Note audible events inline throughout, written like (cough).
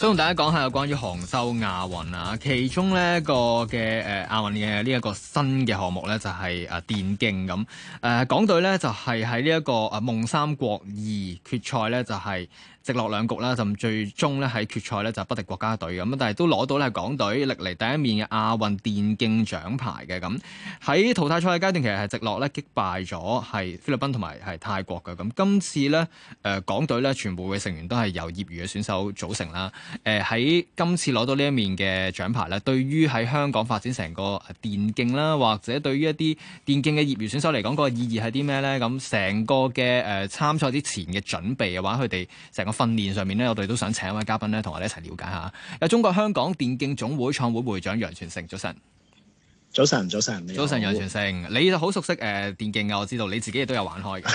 想同大家講下有關於杭州亞運啊，其中呢個嘅誒、呃、亞運嘅呢一個新嘅項目呢，就係、是、誒、呃、電競咁，誒、呃、港隊呢，就係喺呢一個誒、呃、夢三國二決賽呢，就係、是。直落兩局啦，就最終咧喺決賽咧就不敵國家隊嘅咁，但係都攞到咧港隊歷嚟第一面嘅亞運電競獎牌嘅咁。喺淘汰賽嘅階段，其實係直落咧擊敗咗係菲律賓同埋係泰國嘅咁。今次咧誒、呃、港隊咧全部嘅成員都係由業餘嘅選手組成啦。誒、呃、喺今次攞到呢一面嘅獎牌咧，對於喺香港發展成個電競啦，或者對於一啲電競嘅業餘選手嚟講，個意義係啲咩咧？咁成個嘅誒、呃、參賽之前嘅準備嘅話，佢哋成，訓練上面咧，我哋都想請一位嘉賓咧，同我哋一齊了解下。有中國香港電競總會創會會長楊全盛。早晨，早晨，早晨，早晨，楊全盛，你就好你熟悉誒、呃、電競噶，我知道你自己亦都有玩開噶。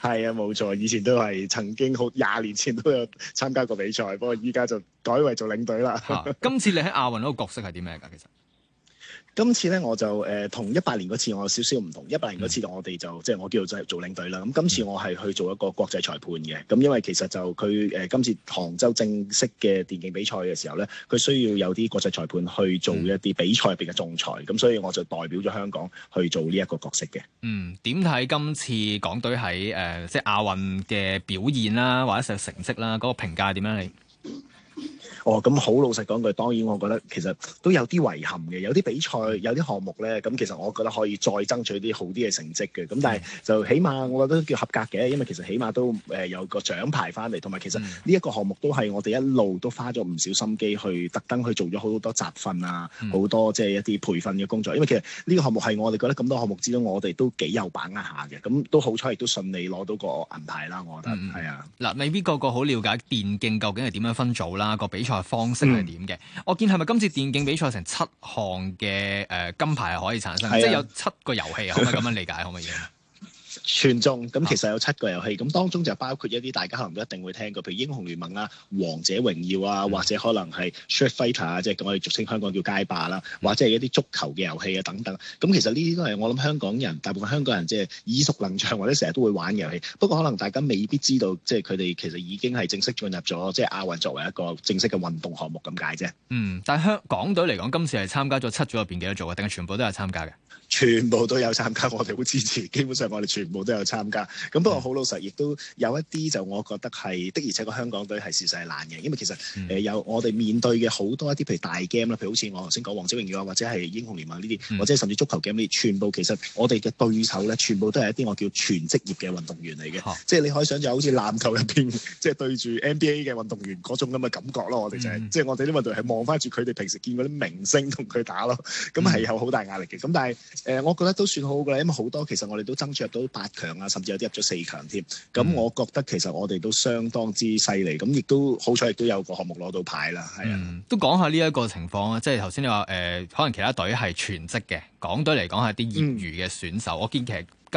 係 (laughs) (laughs) 啊，冇錯，以前都係曾經好廿年前都有參加過比賽，不過依家就改為做領隊啦。 (laughs) (laughs) 今次你喺亞運嗰個角色係啲咩噶？其實？今次咧我就誒同一八年嗰次我有少少唔同，一八、嗯、年嗰次我哋就即係、就是、我叫做做領隊啦，咁、嗯、今次我係去做一個國際裁判嘅，咁因為其實就佢誒、呃、今次杭州正式嘅電競比賽嘅時候咧，佢需要有啲國際裁判去做一啲比賽入邊嘅仲裁，咁、嗯、所以我就代表咗香港去做呢一個角色嘅。嗯，點睇今次港隊喺誒即係亞運嘅表現啦，或者成成績啦，嗰、那個評價點樣？你？ (laughs) 哦，咁好老實講句，當然我覺得其實都有啲遺憾嘅，有啲比賽有啲項目咧，咁其實我覺得可以再爭取啲好啲嘅成績嘅，咁的但係就起碼我覺得都叫合格嘅，因為其實起碼都誒有個獎牌翻嚟，同埋其實呢一個項目都係我哋一路都花咗唔少心機去特登去做咗好多集訓啊，好多即係一啲培訓嘅工作，的因為其實呢個項目係我哋覺得咁多項目之中，我哋都幾有把握下嘅，咁都好彩亦都順利攞到個銀牌啦，我覺得係啊。嗱、嗯的，未必個個好了解電競究竟係點樣分組啦，個比賽。方式係點嘅？嗯、我見係咪今次電競比賽成七項嘅誒金牌係可以產生，是啊、即係有七個遊戲，可唔可以咁樣理解？可唔可以？全中咁，其實有七個遊戲，咁、啊、當中就包括一啲大家可能都一定會聽過，譬如《英雄聯盟》啊，《王者榮耀》啊、嗯，或者可能係《Street Fighter》啊，即係我哋俗稱香港叫街霸啦，嗯、或者係一啲足球嘅遊戲啊等等。咁其實呢啲都係我諗香港人，大部分香港人即係耳熟能詳，或者成日都會玩嘅遊戲。不過可能大家未必知道，即係佢哋其實已經係正式進入咗即係亞運作為一個正式嘅運動項目咁解啫。嗯，但係香港隊嚟講，今次係參加咗七組入邊幾多組啊？定係全部都有參加嘅？全部都有參加，我哋好支持。基本上我哋全都有參加，咁不過好老實，亦都有一啲就我覺得係的，而且個香港隊係事實係難嘅，因為其實誒、嗯呃、有我哋面對嘅好多一啲譬如大 game 啦，譬如好似我頭先講《王者榮耀》啊，或者係《英雄聯盟》呢啲，嗯、或者甚至足球 game 呢，全部其實我哋嘅對手咧，全部都係一啲我叫全職業嘅運動員嚟嘅，即係、啊、你可以想像好像好似籃球入邊，即、就、係、是、對住 NBA 嘅運動員嗰種咁嘅感覺咯。我哋就係即係我哋啲運動員係望翻住佢哋平時見嗰啲明星同佢打咯，咁係有好大壓力嘅。咁但係誒、呃，我覺得都算好好嘅，因為好多其實我哋都爭取到。強啊，甚至有啲入咗四強添。咁我覺得其實我哋都相當之犀利，咁亦都好彩，亦都有個項目攞到牌啦。係啊、嗯，都講下呢一個情況啊。即係頭先你話誒、呃，可能其他隊係全職嘅，港隊嚟講係啲業餘嘅選手。嗯、我見其實。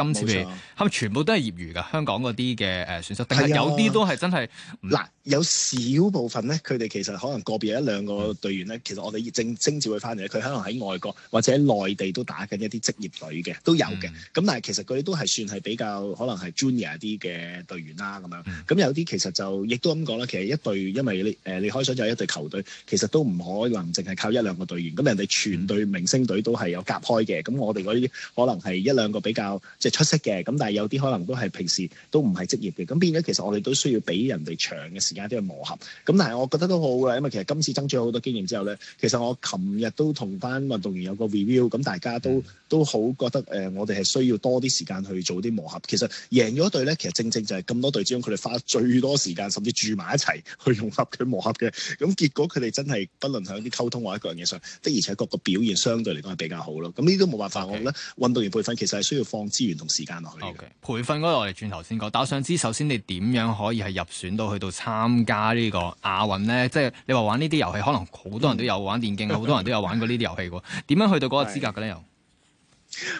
今次嘅係咪錯全部都係業餘㗎？香港嗰啲嘅誒選手，定係有啲都係真係嗱，啊嗯、有少部分咧，佢哋其實可能個別有一兩個隊員咧，嗯、其實我哋正徵召佢翻嚟佢可能喺外國或者內地都打緊一啲職業隊嘅都有嘅。咁、嗯、但係其實佢哋都係算係比較可能係 junior 啲嘅隊員啦。咁樣咁、嗯、有啲其實就亦都咁講啦。其實一隊因為你誒，你可以想就係一隊球隊，其實都唔可能淨係靠一兩個隊員。咁人哋全隊明星隊都係有隔開嘅。咁我哋嗰啲可能係一兩個比較即出色嘅，咁但係有啲可能都係平時都唔係職業嘅，咁變咗其實我哋都需要俾人哋長嘅時間都去磨合，咁但係我覺得都好喇，因為其實今次爭取咗好多經驗之後咧，其實我琴日都同班運動員有個 review，咁大家都、嗯、都好覺得誒，我哋係需要多啲時間去做啲磨合。其實贏咗隊咧，其實正正就係咁多隊之中，佢哋花最多時間，甚至住埋一齊去融合佢磨合嘅，咁結果佢哋真係不論喺啲溝通或者各樣嘢上的，而且各個表現相對嚟講係比較好咯。咁呢都冇辦法，白我覺得運動員培訓其實係需要放資源。運動時間落去。OK，培訓嗰度我哋轉頭先講，但我想知，首先你點樣可以係入選到去到參加呢個亞運咧？即、就、係、是、你話玩呢啲遊戲，可能好多人都有玩電競，好、嗯、 (laughs) 多人都有玩過呢啲遊戲喎。點樣去到嗰個資格嘅咧？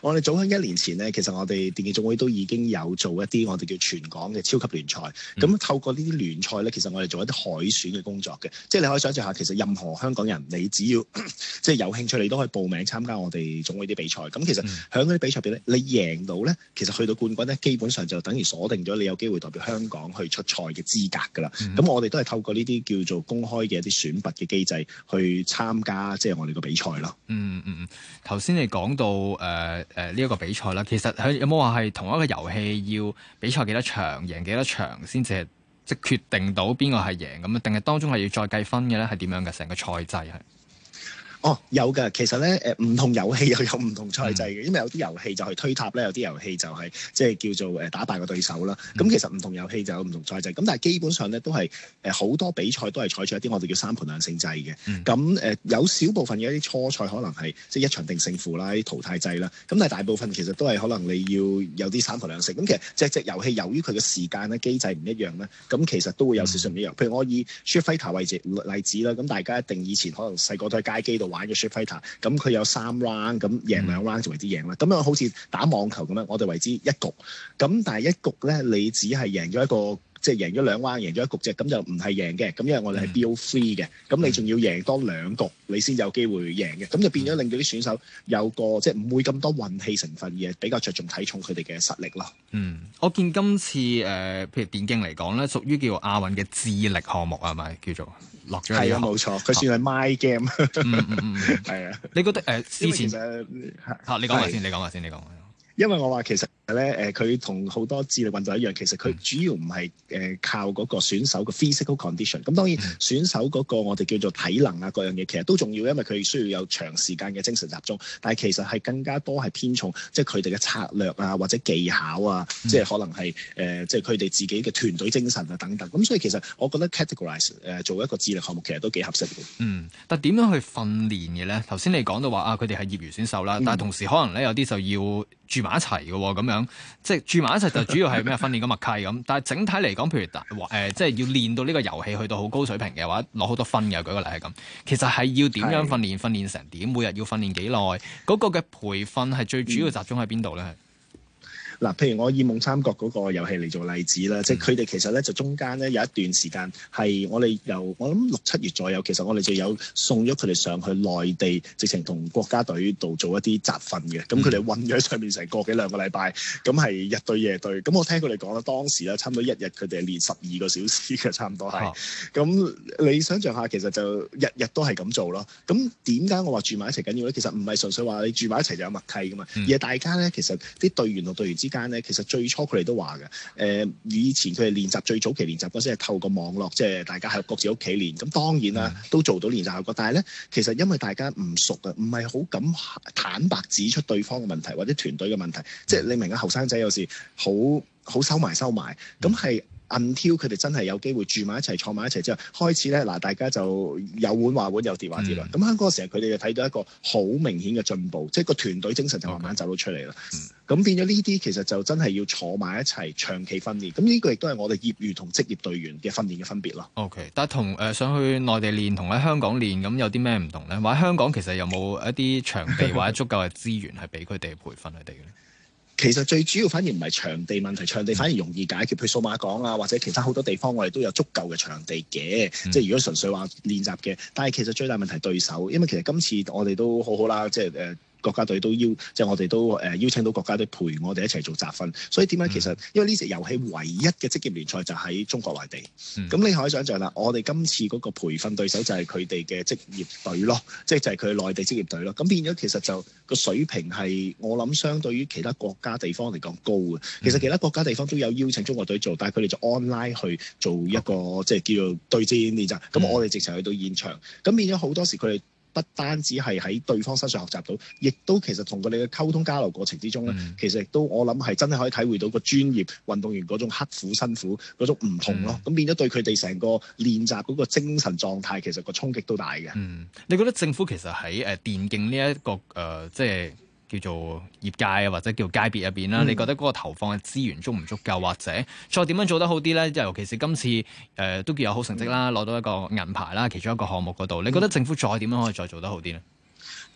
我哋早喺一年前呢，其實我哋電競總會都已經有做一啲我哋叫全港嘅超級聯賽。咁、嗯、透過呢啲聯賽呢，其實我哋做一啲海選嘅工作嘅，即係你可以想象下，其實任何香港人，你只要即係有興趣，你都可以報名參加我哋總會啲比賽。咁其實喺嗰啲比賽入邊，你贏到呢，其實去到冠軍呢，基本上就等於鎖定咗你有機會代表香港去出賽嘅資格噶啦。咁、嗯、我哋都係透過呢啲叫做公開嘅一啲選拔嘅機制去參加，即係我哋個比賽咯、嗯。嗯嗯，頭先你講到、呃誒誒，呢一、呃這個比賽啦，其實佢有冇話係同一個遊戲要比賽幾多場，贏幾多場先至係即決定到邊個係贏咁啊？定係當中係要再計分嘅咧？係點樣嘅成個賽制係？哦，有㗎，其實咧，誒、呃、唔同遊戲又有唔同賽制嘅，嗯、因為有啲遊戲就去推塔咧，有啲遊戲就係、是、即係叫做誒打敗個對手啦。咁、嗯、其實唔同遊戲就有唔同賽制，咁但係基本上咧都係誒好多比賽都係採取一啲我哋叫三盤兩勝制嘅。咁誒、嗯呃、有少部分嘅一啲初賽可能係即係一場定勝負啦，啲淘汰制啦。咁但係大部分其實都係可能你要有啲三盤兩勝。咁其實隻隻遊戲由於佢嘅時間咧機制唔一樣咧，咁其實都會有少少唔一樣。嗯、譬如我以 Street Fighter 為例子啦，咁大家一定以前可能細個都喺街機度，玩嘅 ship fighter，咁佢有三 round，咁贏兩 round 就為之贏啦。咁 (noise) 樣好似打網球咁樣，我哋為之一局。咁但係一局咧，你只係贏咗一個。即係贏咗兩彎，贏咗一局啫，咁就唔係贏嘅。咁因為我哋係 BO3 嘅，咁你仲要贏多兩局，你先有機會贏嘅。咁就變咗令到啲選手有個即係唔會咁多運氣成分，嘅，比較着重睇重佢哋嘅實力咯。嗯，我見今次誒，譬如電競嚟講咧，屬於叫亞運嘅智力項目係咪叫做落咗？係啊，冇錯，佢算係 my game。嗯係啊。你覺得誒之前咧你講下先，你講下先，你講。因為我話其實。咧誒，佢同好多智力運動一樣，其實佢主要唔係誒靠嗰個選手嘅 physical condition。咁當然選手嗰個我哋叫做體能啊，各樣嘢其實都重要，因為佢需要有長時間嘅精神集中。但係其實係更加多係偏重即係佢哋嘅策略啊，或者技巧啊，嗯、即係可能係誒即係佢哋自己嘅團隊精神啊等等。咁所以其實我覺得 categorize 誒做一個智力項目其實都幾合適嘅。嗯，但點樣去訓練嘅咧？頭先你講到話啊，佢哋係業餘選手啦，但係同時可能咧有啲就要住埋一齊嘅喎，咁樣即係住埋一齊就主要係咩訓練個默契咁。但係整體嚟講，譬如大誒、呃，即係要練到呢個遊戲去到好高水平嘅話，或者攞好多分嘅，舉個例係咁。其實係要點樣訓練？訓練的成點？每日要訓練幾耐？嗰個嘅培訓係最主要集中喺邊度咧？嗯嗱，譬如我以《夢三國》嗰、那個遊戲嚟做例子啦，即係佢哋其實咧就中間咧有一段時間係我哋由我諗六七月左右，其實我哋就有送咗佢哋上去內地，直情同國家隊度做一啲集訓嘅。咁佢哋韞咗喺上面成個幾兩個禮拜，咁係日對夜對。咁我聽佢哋講啦，當時咧差唔多一日佢哋係練十二個小時嘅，差唔多係。咁、哦、你想象下，其實就日日都係咁做咯。咁點解我話住埋一齊緊要咧？其實唔係純粹話你住埋一齊就有默契噶嘛，嗯、而係大家咧其實啲隊員同隊員之間咧，其實最初佢哋都話嘅，誒、呃、以前佢哋練習最早期練習嗰陣係透過網絡，即係大家喺各自屋企練，咁當然啦，嗯、都做到練習效果。但係咧，其實因為大家唔熟啊，唔係好敢坦白指出對方嘅問題或者團隊嘅問題，即係你明啊，後生仔有時好好收埋收埋，咁係、嗯。暗挑佢哋真係有機會住埋一齊、坐埋一齊之後，開始咧嗱，大家就有碗話碗，有碟話碟啦。咁、嗯、香港個時候，佢哋就睇到一個好明顯嘅進步，即係個團隊精神就慢慢走到出嚟啦。咁、嗯、變咗呢啲其實就真係要坐埋一齊長期訓練。咁呢個亦都係我哋業餘同職業隊員嘅訓練嘅分別咯。OK，但係同誒上去內地練同喺香港練咁有啲咩唔同咧？或者香港其實有冇一啲場地 (laughs) 或者足夠嘅資源係俾佢哋培訓佢哋咧？其實最主要反而唔係場地問題，場地反而容易解決，譬如數碼港啊，或者其他好多地方，我哋都有足夠嘅場地嘅。即係如果純粹話練習嘅，但係其實最大問題係對手，因為其實今次我哋都好好啦，即係誒。國家隊都邀，即、就、係、是、我哋都誒、呃、邀請到國家隊陪我哋一齊做集訓。所以點解、嗯、其實，因為呢隻遊戲唯一嘅職業聯賽就喺中國內地。咁、嗯、你可以想象啦，我哋今次嗰個培訓對手就係佢哋嘅職業隊咯，即係就係、是、佢內地職業隊咯。咁變咗其實就個水平係我諗相對於其他國家地方嚟講高嘅。其實其他國家地方都有邀請中國隊做，但係佢哋就 online 去做一個、嗯、即係叫做對戰練習。咁我哋直情去到現場，咁變咗好多時佢哋。不單止係喺對方身上學習到，亦都其實同佢哋嘅溝通交流過程之中咧，嗯、其實亦都我諗係真係可以體會到個專業運動員嗰種刻苦辛苦嗰種唔同咯。咁、嗯、變咗對佢哋成個練習嗰個精神狀態，其實個衝擊都大嘅。嗯，你覺得政府其實喺誒電競呢一個誒、呃、即係，叫做業界或者叫做界別入邊啦，嗯、你覺得嗰個投放嘅資源足唔足夠，或者再點樣做得好啲呢？尤其是今次誒、呃、都叫有好成績啦，攞到一個銀牌啦，其中一個項目嗰度，你覺得政府再點樣可以再做得好啲呢？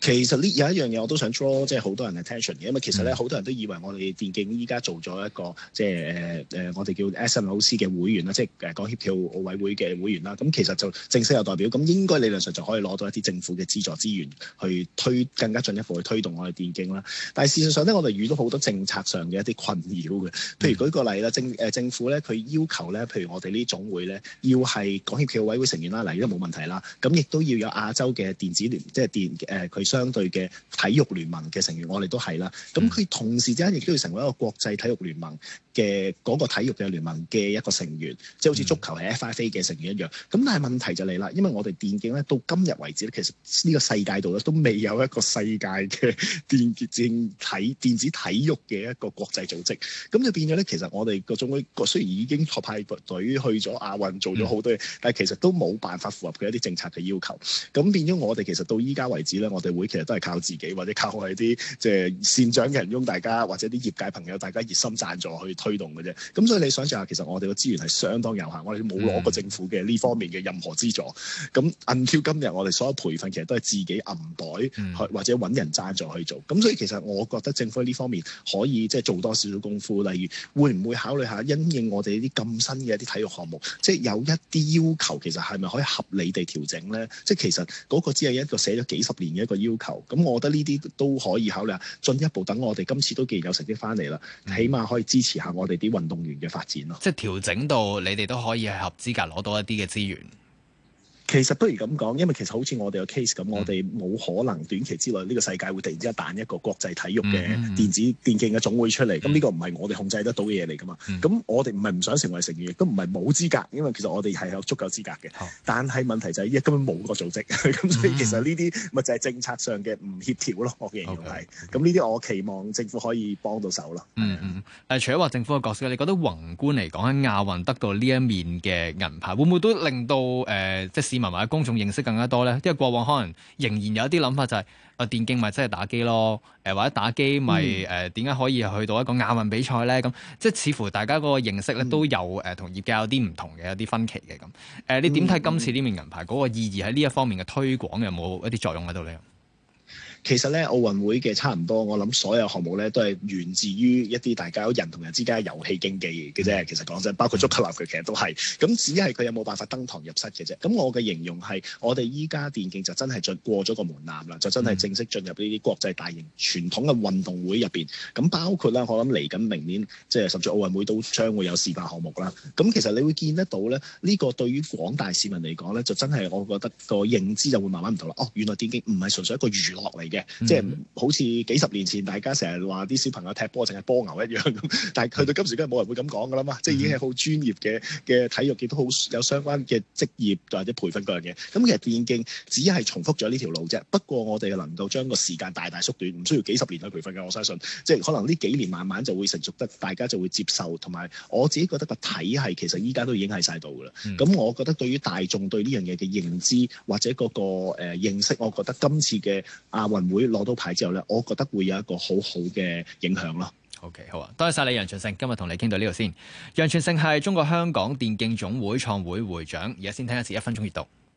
其實呢，有一樣嘢我都想 draw 即係好多人 attention 嘅，因為其實咧好多人都以為我哋電競依家做咗一個即係誒誒我哋叫 SNOC 嘅會員啦，即係港協票奧委會嘅會員啦。咁其實就正式有代表，咁應該理論上就可以攞到一啲政府嘅資助資源去推更加進一步去推動我哋電競啦。但係事實上咧，我哋遇到好多政策上嘅一啲困擾嘅，譬如舉個例啦、呃，政政府咧佢要求咧，譬如我哋呢總會咧要係港協票委會成員啦，例如都冇問題啦，咁亦都要有亞洲嘅電子聯，即係電、呃誒佢相對嘅體育聯盟嘅成員，我哋都係啦。咁佢同時之間亦都要成為一個國際體育聯盟嘅嗰、嗰個體育嘅聯盟嘅一個成員，即係好似足球係 FIFA 嘅成員一樣。咁但係問題就嚟啦，因為我哋電競咧到今日為止咧，其實呢個世界度咧都未有一個世界嘅電競體電子體育嘅一個國際組織。咁就變咗咧，其實我哋個總會雖然已經特派隊去咗亞運做咗好多嘢，嗯、但係其實都冇辦法符合佢一啲政策嘅要求。咁變咗我哋其實到依家為止我哋會其實都係靠自己，或者靠係啲即係善長嘅人翁大家，或者啲業界朋友大家熱心贊助去推動嘅啫。咁所以你想像下，其實我哋嘅資源係相當有限，我哋冇攞過政府嘅呢、嗯、方面嘅任何資助。咁按照今日我哋所有培訓，其實都係自己銀袋去、嗯、或者揾人贊助去做。咁所以其實我覺得政府喺呢方面可以即係做多少少功夫。例如會唔會考慮下因應我哋呢啲咁新嘅一啲體育項目，即係有一啲要求，其實係咪可以合理地調整咧？即係其實嗰個只係一個寫咗幾十年。一個要求，咁我覺得呢啲都可以考慮下，進一步等我哋今次都既然有成績翻嚟啦，起碼可以支持下我哋啲運動員嘅發展咯。即係調整到你哋都可以係合資格攞多一啲嘅資源。其實不如咁講，因為其實好似我哋個 case 咁，我哋冇可能短期之內呢個世界會突然之間彈一個國際體育嘅電子電競嘅總會出嚟，咁呢個唔係我哋控制得到嘅嘢嚟噶嘛。咁我哋唔係唔想成為成員，亦都唔係冇資格，因為其實我哋係有足夠資格嘅。但係問題就係依家根本冇個組織，咁所以其實呢啲咪就係政策上嘅唔協調咯。我認為係。咁呢啲我期望政府可以幫到手咯。嗯嗯嗯。誒，除咗話政府嘅角色，你覺得宏觀嚟講，喺亞運得到呢一面嘅銀牌，會唔會都令到誒即市民或者公眾認識更加多咧，因為過往可能仍然有啲諗法就係啊電競咪真係打機咯，誒或者打機咪誒點解可以去到一個亞運比賽咧？咁、嗯、即係似乎大家嗰個認識咧都有誒同業界有啲唔同嘅有啲分歧嘅咁。誒、呃、你點睇今次呢面銀牌嗰個意義喺呢一方面嘅推廣有冇一啲作用喺度咧？其實咧，奧運會嘅差唔多，我諗所有項目咧都係源自於一啲大家人同人之間嘅遊戲競技嘅啫。其實講真，包括足球、籃球，其實都係。咁只係佢有冇辦法登堂入室嘅啫。咁我嘅形容係，我哋依家電競就真係進過咗個門檻啦，就真係正式進入呢啲國際大型傳統嘅運動會入邊。咁包括啦，我諗嚟緊明年即係甚至奧運會都將會有示範項目啦。咁其實你會見得到咧，呢個對於廣大市民嚟講咧，就真係我覺得個認知就會慢慢唔同啦。哦，原來電競唔係純粹一個娛樂嚟。嗯、即係好似幾十年前大家成日話啲小朋友踢波淨係波牛一樣，咁，但係去到今時今日冇人會咁講噶啦嘛，即係已經係好專業嘅嘅體育，亦都好有相關嘅職業或者培訓各樣嘢。咁其實電競只係重複咗呢條路啫，不過我哋能夠將個時間大大縮短，唔需要幾十年去培訓嘅，我相信，即係可能呢幾年慢慢就會成熟得，大家就會接受，同埋我自己覺得個體係其實依家都已經喺晒度㗎啦。咁、嗯、我覺得對於大眾對呢樣嘢嘅認知或者嗰個誒認識，我覺得今次嘅亞運。會攞到牌之後呢，我覺得會有一個好好嘅影響咯。OK，好啊，多謝晒你楊全盛，今日同你傾到呢度先。楊全盛係中國香港電競總會創會會長，而家先聽一次一分鐘閱讀。